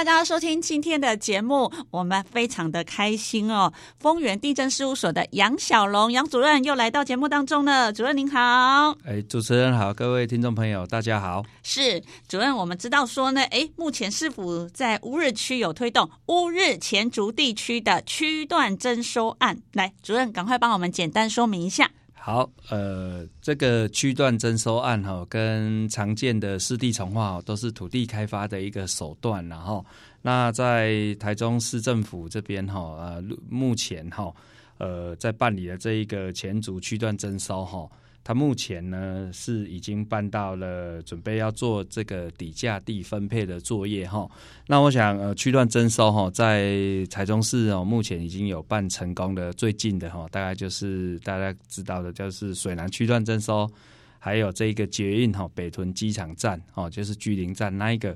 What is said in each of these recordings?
大家收聽今天的節目，我們非常的開心哦！豐原地政事務所的楊曉龍楊主任又來到節目當中了。主任您好，哎，主持人好，各位聽眾朋友大家好。是主任，我們知道說呢，哎，目前市府在烏日區有推動烏日前竹地區的區段徵收案。來，主任趕快幫我們簡單說明一下。好，呃，這個區段徵收案哈、啊，跟常見的市地重劃，啊、都是土地開發的一個手段，啊，然、哦、後，那在台中市政府這邊哈，呃，目前哈、啊，呃，在辦理的這一個前竹區段徵收哈、啊。它目前呢是已經辦到了，準備要做這個抵價地分配的作業哈、哦。那我想呃區段徵收哈、哦，在台中市哦，目前已經有辦成功的，最近的哈、哦，大概就是大家知道的，就是水湳區段徵收，還有這個捷運哈、哦、北屯機廠站哦，就是 G0 站那一個。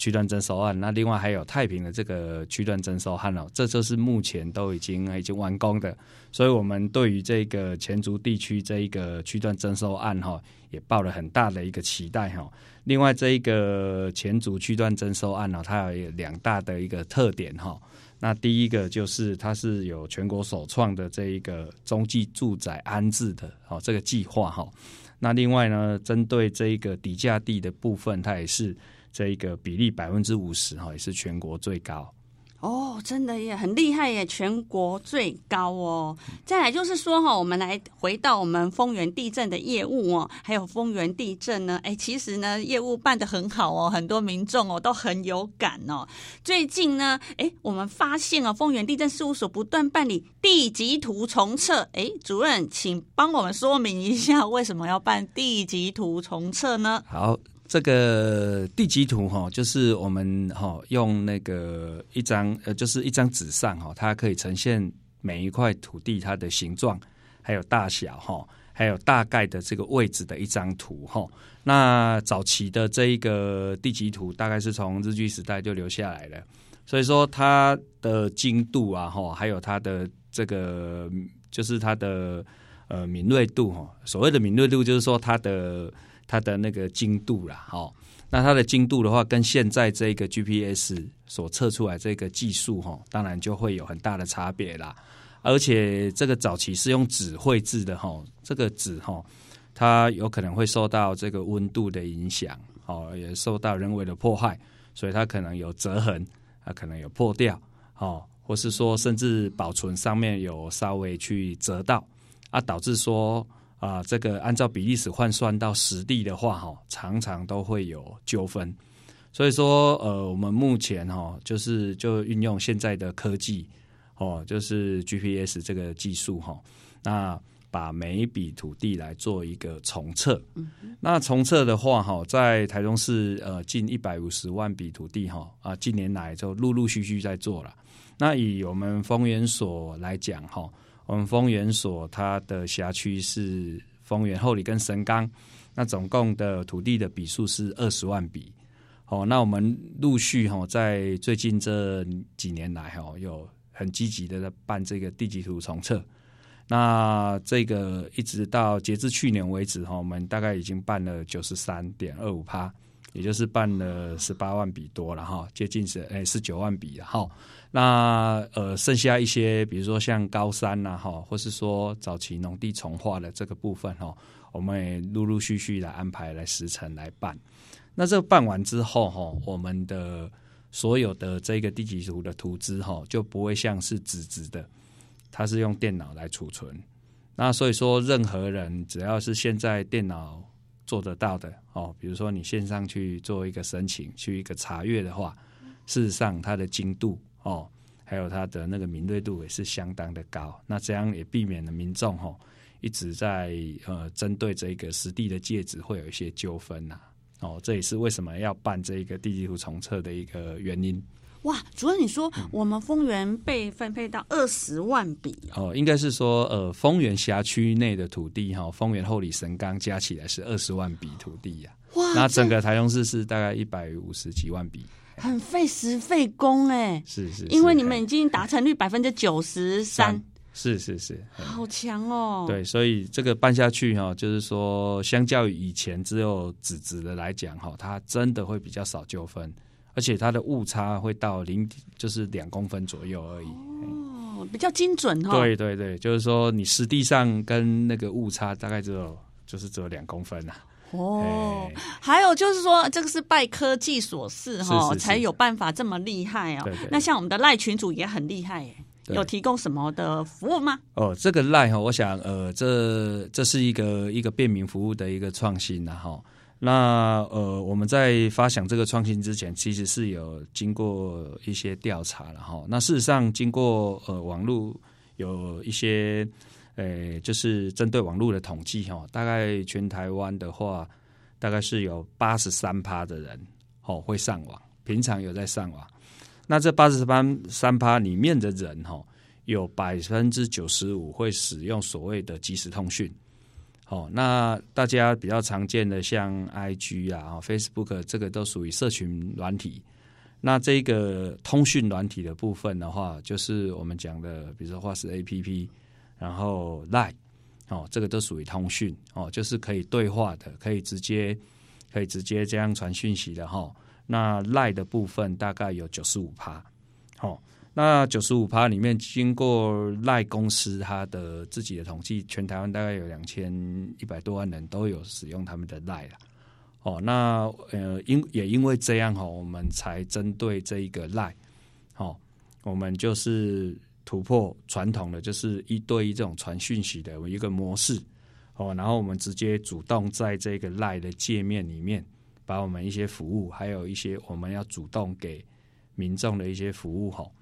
區段徵收案，那另外還有太平的這個區段徵收案哦，這就是目前都已經已經完工的，所以我們對於這個前竹地區這一個區段徵收案哈，也抱了很大的一個期待哈。另外，這一個前竹區段徵收案呢，它有兩大的一個特點哈。那第一個就是它是有全國首創的這一個中繼住宅安置的哦，這個計劃哈。那另外呢，針對這一個抵價地的部分，它也是。這一個比例百分之五十哈，也是全國最高哦，真的也很厲害耶，全國最高哦。再來就是說哈，我們來回到我們豐原地政的業務哦，還有豐原地政呢，誒其實呢業務辦得很好哦，很多民眾哦都很有感哦。最近呢，誒我們發現哦，豐原地政事務所不斷辦理地籍圖重測，哎，主任，請幫我們說明一下為什麼要辦地籍圖重測呢？好。這個地籍圖哈，就是我們哈用那個一張呃，就是一張紙上哈，它可以呈現每一塊土地它的形狀，還有大小哈，還有大概的這個位置的一張圖哈。那早期的這一個地籍圖，大概是從日據時代就留下來了。所以說它的精度啊哈，還有它的這個就是它的呃敏銳度哈。所謂的敏銳度，就是說它的。它的那個精度了，哈，那它的精度的話，跟現在這個 GPS 所測出來這個技術，哈，當然就會有很大的差別啦。而且這個早期是用紙繪制的，哈，這個紙，哈，它有可能會受到這個溫度的影響，哦，也受到人為的破壞，所以它可能有折痕，啊，可能有破掉，哦，或是說甚至保存上面有稍微去折到，啊，導致說。啊，這個按照比例尺換算到實地的話，常常都會有糾紛。所以說，呃、我們目前、哦、就是就運用現在的科技，哦、就是 GPS 這個技術、哦，那把每一筆土地來做一個重測。嗯、哼那重測的話，在台中市、呃、近一百五十萬筆土地、哦啊，近年來就陸陸續續,續在做了。那以我們豐原所來講，哦我們豐原所，它的轄區是豐原、后里跟神岡，那總共的土地的筆數是二十萬筆。那我們陸續哈，在最近這幾年來哈，有很積極的在辦這個地籍圖重測。那這個一直到截至去年為止哈，我們大概已經辦了九十三點二五趴。也就是辦了十八萬筆多了哈，接近是哎十九萬筆哈。那呃剩下一些，比如說像高山吶、啊、哈，或是說早期農地重劃的這個部分哈，我們也陸陸續續來安排來時程來辦。那這個辦完之後哈，我們的所有的這個地籍圖的圖資哈，就不會像是紙質的，它是用電腦來儲存。那所以說，任何人只要是現在電腦。做得到的哦，比如說你線上去做一個申請，去一個查閱的話，事實上它的精度哦，還有它的那個敏銳度也是相當的高。那這樣也避免了民眾、哦、一直在呃針對這個實地的界址會有一些糾紛吶、啊。哦，這也是為什麼要辦這一個地籍圖重測的一個原因。哇，主任，你說我們豐原被分配到二十萬筆、啊嗯、哦，應該是說呃，豐原轄區內的土地哈，豐、哦、原后里、神岡加起來是二十萬筆土地呀、啊。哇，那整個台中市是大概一百五十幾萬筆，真嗯、很費時費工哎、欸，是，是是，因為你們已經達成率百分之九十三，是是是，嗯、好強哦。對，所以這個辦下去哈，就是說，相較於以前只有紙質的來講哈，它真的會比較少糾紛。而且它的誤差會到零，就是兩公分左右而已。哦，比較精準哈、哦。對對對，就是說你實際上跟那個誤差大概只有就是只有兩公分吶、啊。哦，哎、還有就是說這個是拜科技所賜、哦，哈，才有辦法這麼厲害哦。對對對，那像我們的 LINE 群組也很厲害耶，對有提供什麼的服務嗎？哦，這個 LINE 哈、哦，我想呃，這這是一個一個便民服務的一個創新哈、啊哦。那呃，我們在發想這個創新之前，其實是有經過一些調查了哈、哦。那事實上，經過呃網絡有一些呃，就是針對網絡的統計哈、哦，大概全台灣的話，大概是有八十三趴的人哦會上網，平常有在上網。那這八十三三趴裡面的人哈、哦，有百分之九十五會使用所謂的即時通訊。哦，那大家比較常見的像 IG 啊，Facebook 啊，這個都屬於社群軟體。那這個通訊軟體的部分的話，就是我們講的，比如說 WhatsApp，然後 Line，哦，這個都屬於通訊，哦，就是可以對話的，可以直接，可以直接這樣傳訊息的哈、哦。那 Line 的部分大概有九十五趴，哦。那九十五趴裡面，經過 LINE 公司他的自己的統計，全台灣大概有兩千一百多萬人都有使用他們的 LINE 了。哦，那呃，因也因為這樣哈，我們才針對這一個 LINE，哦，我們就是突破傳統的，就是一對一這種傳訊息的一個模式哦，然後我們直接主動在這個 LINE 的界面裡面，把我們一些服務，還有一些我們要主動給民眾的一些服務哈。哦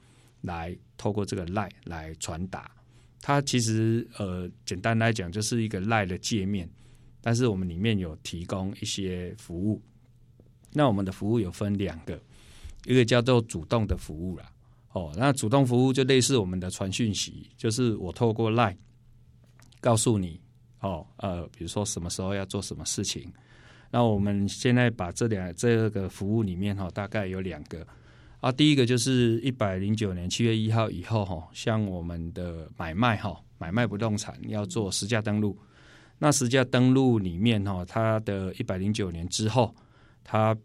來透過這個 Line 來傳達，它其實呃簡單來講就是一個 Line 的界面，但是我們裡面有提供一些服務。那我們的服務有分兩個，一個叫做主動的服務啦，哦，那主動服務就類似我們的傳訊息，就是我透過 Line 告訴你，哦，呃，比如說什麼時候要做什麼事情。那我們現在把這兩這個服務裡面哈、哦，大概有兩個。啊，第一個就是一百零九年七月一號以後哈，像我們的買賣哈，買賣不動產要做實價登錄。那實價登錄裡面哈，它的一百零九年之後，它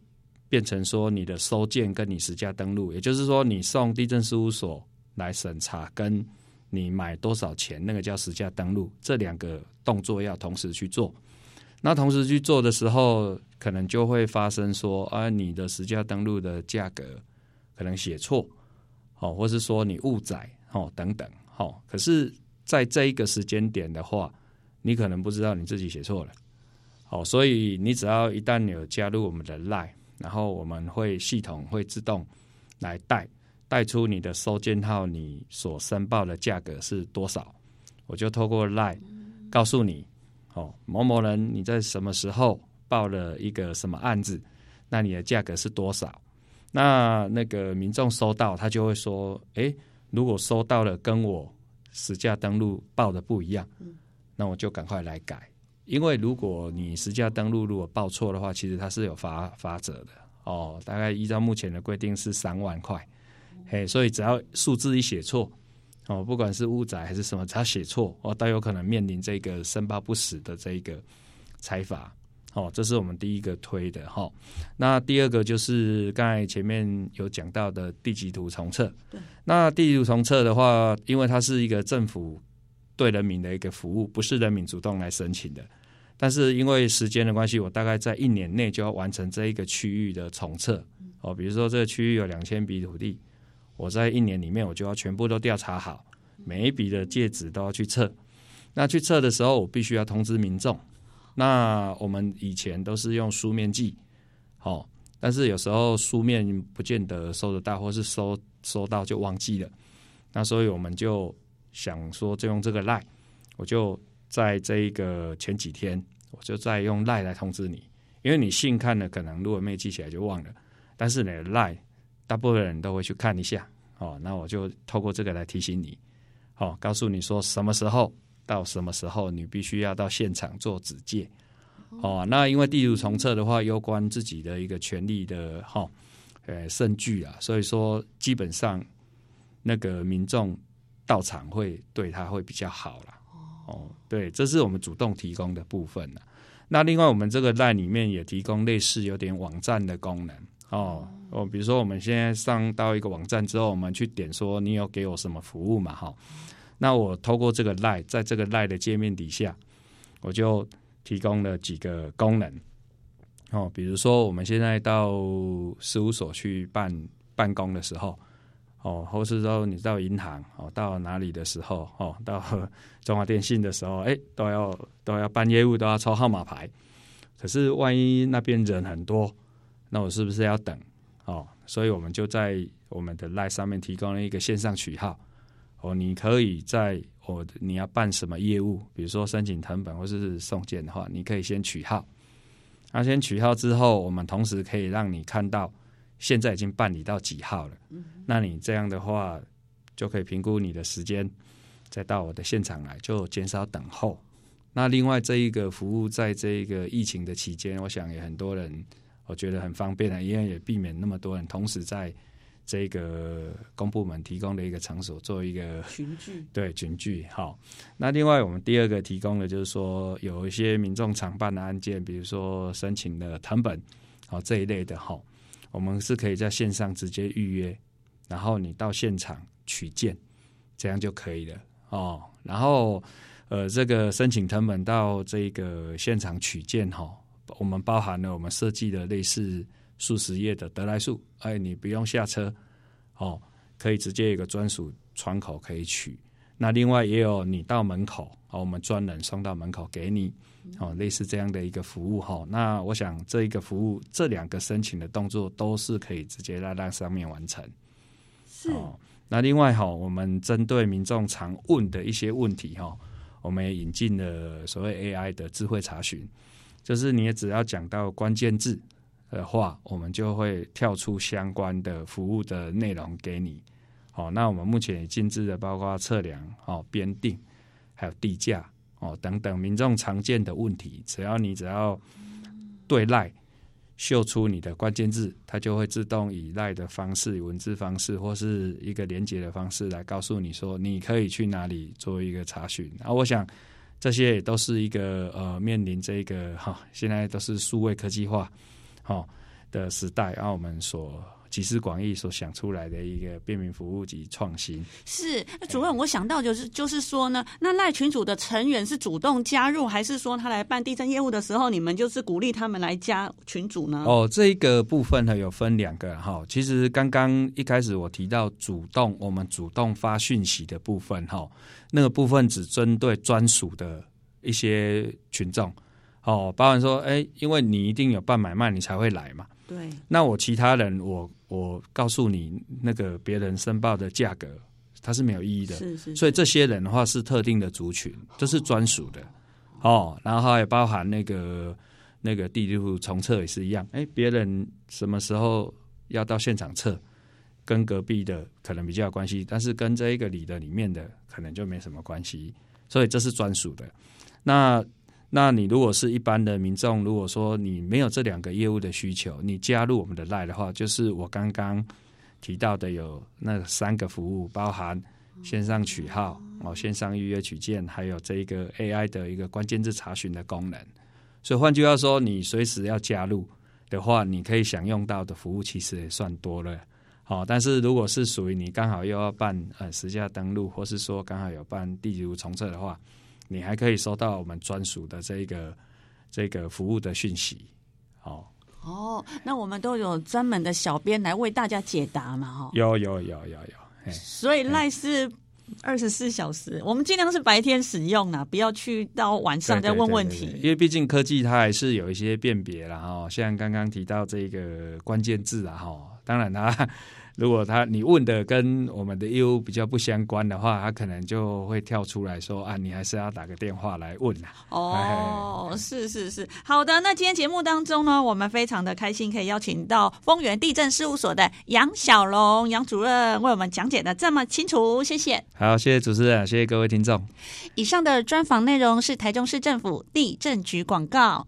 變成說你的收件跟你實價登錄，也就是說你送地政事務所來審查，跟你買多少錢那個叫實價登錄，這兩個動作要同時去做。那同時去做的時候，可能就會發生說，啊，你的實價登錄的價格。可能寫錯，哦，或是說你誤載，哦，等等，哦，可是在這一個時間點的話，你可能不知道你自己寫錯了，哦，所以你只要一旦有加入我們的 Line，然後我們會系統會自動來帶帶出你的收件號，你所申報的價格是多少，我就透過 Line 告訴你，哦，某某人你在什麼時候報了一個什麼案子，那你的價格是多少？那那個民眾收到，他就會說：“哎、欸，如果收到了跟我實價登錄報的不一樣，那我就趕快來改。因為如果你實價登錄如果報錯的話，其實它是有罰罰則的哦。大概依照目前的規定是三萬塊。嘿、欸，所以只要數字一寫錯哦，不管是誤載還是什麼，只要寫錯哦，都有可能面臨這個申報不實的這個裁罰。哦，這是我們第一個推的哈。那第二個就是剛才前面有講到的地籍圖重測。那地籍圖重測的話，因為它是一個政府對人民的一個服務，不是人民主動來申請的。但是因為時間的關係，我大概在一年內就要完成這一個區域的重測。哦，比如說這個區域有兩千筆土地，我在一年裡面我就要全部都調查好，每一筆的界址都要去測。那去測的時候，我必須要通知民眾。那我們以前都是用書面記哦，但是有時候書面不見得收得到，或是收收到就忘記了。那所以我們就想說，就用這個 LINE，我就在這一個前幾天，我就再用 LINE 來通知你，因為你信看的可能如果沒記起來就忘了，但是呢 LINE，大部分人都會去看一下，哦，那我就透過這個來提醒你，哦，告訴你說什麼時候。到什麼時候，你必須要到現場做指界，Okay. 哦，那因為地圖重測的話，攸關自己的一個權利的哈，呃、哦，證、欸、據啊，所以說基本上那個民眾到場會對他會比較好了，哦，對，這是我們主動提供的部分了、啊。那另外，我們這個 LINE 裡面也提供類似有點網站的功能，哦，哦，比如說我們現在上到一個網站之後，我們去點說你有給我什麼服務嘛，哈、哦。那我透過這個 Line，在這個 Line 的界面底下，我就提供了幾個功能哦，比如說我們現在到事務所去辦辦公的時候哦，或是說你到銀行哦，到哪裡的時候哦，到中華電信的時候，哎、欸，都要都要辦業務，都要抽號碼牌。可是萬一那邊人很多，那我是不是要等哦？所以我們就在我們的 Line 上面提供了一個線上取號。哦，你可以在我你要辦什麼業務，比如說申請謄本或者是送件的話，你可以先取號。那先取號之後，我們同時可以讓你看到現在已經辦理到幾號了。嗯哼。那你這樣的話就可以評估你的時間，再到我的現場來，就減少等候。那另外這一個服務，在這一個疫情的期間，我想也很多人我覺得很方便的，因為也避免那麼多人同時在。這個公部門提供的一個場所，做一個群聚，對群聚，好。那另外，我們第二個提供的就是說，有一些民眾常辦的案件，比如說申請的謄本，這一類的，哈、哦，我們是可以在線上直接預約，然後你到現場取件，這樣就可以了，哦。然後，呃，這個申請謄本到這個現場取件，哈、哦，我們包含了我們設計的類似。數十頁的得來速，哎，你不用下車，哦，可以直接有一個專屬窗口可以取。那另外也有你到門口，哦，我們專人送到門口給你，哦，類似這樣的一個服務哈，哦。那我想這一個服務，這兩個申請的動作都是可以直接在那上面完成。是，哦。那另外哈，哦，我們針對民眾常問的一些問題哈，哦，我們也引進了所謂 AI 的智慧查詢，就是你也只要講到關鍵字。的話，我們就會跳出相關的服務的內容給你。哦、那我們目前已建置的包括測量、哦，編定，還有地價、哦等等民眾常見的問題。只要你只要對 LINE 秀出你的關鍵字，它就會自動以 LINE 的方式、文字方式或是一個連接的方式來告訴你說，你可以去哪裡做一個查詢。啊，我想這些也都是一個呃，面臨這一個哈、啊，現在都是數位科技化。好的時代，啊，我們所集思廣益所想出來的一個便民服務及創新是。那主任，嘿我想到就是就是說呢，那賴群組的成員是主動加入，還是說他來辦地政業務的時候，你們就是鼓勵他們來加群組呢？哦，這一個部分呢有分兩個哈。其實剛剛一開始我提到主動，我們主動發訊息的部分哈，那個部分只針對專屬的一些群眾。哦，包含說，哎、欸，因為你一定有辦買賣，你才會來嘛。對。那我其他人，我我告訴你，那個別人申報的價格，它是沒有意義的。是，是是。所以這些人的話是特定的族群，這是專屬的。哦，哦，然後還包含那個那個地圖重測也是一樣。哎、欸，別人什麼時候要到現場測，跟隔壁的可能比較有關係，但是跟這一個里的裡面的可能就沒什麼關係。所以這是專屬的。那。嗯那你如果是一般的民眾，如果說你沒有這兩個業務的需求，你加入我們的 LINE 的話，就是我剛剛提到的有那三個服務，包含線上取號、哦線上預約取件，還有這一個 AI 的一個關鍵字查詢的功能。所以換句話說，你隨時要加入的話，你可以享用到的服務其實也算多了。好，但是如果是屬於你剛好又要辦呃實價登錄，或是說剛好有辦地圖重測的話。你還可以收到我們專屬的這個這個服務的訊息，好、哦。哦，那我們都有專門的小編來為大家解答嘛，哈。有有有有有。有有，所以賴是二十四小時，嘿我們盡量是白天使用啊，不要去到晚上再問問題，對對對對對，因為畢竟科技它還是有一些辨別了哈。像剛剛提到這個關鍵字啊，哈，當然啦、啊。如果他你問的跟我們的業務比較不相關的話，他可能就會跳出來說啊，你還是要打個電話來問啦、啊。哦，嘿嘿是是是，好的。那今天節目當中呢，我們非常的開心可以邀請到豐原地政事務所的楊曉龍楊主任為我們講解的這麼清楚，謝謝。好，謝謝主持人，謝謝各位聽眾。以上的專訪內容是台中市政府地政局廣告。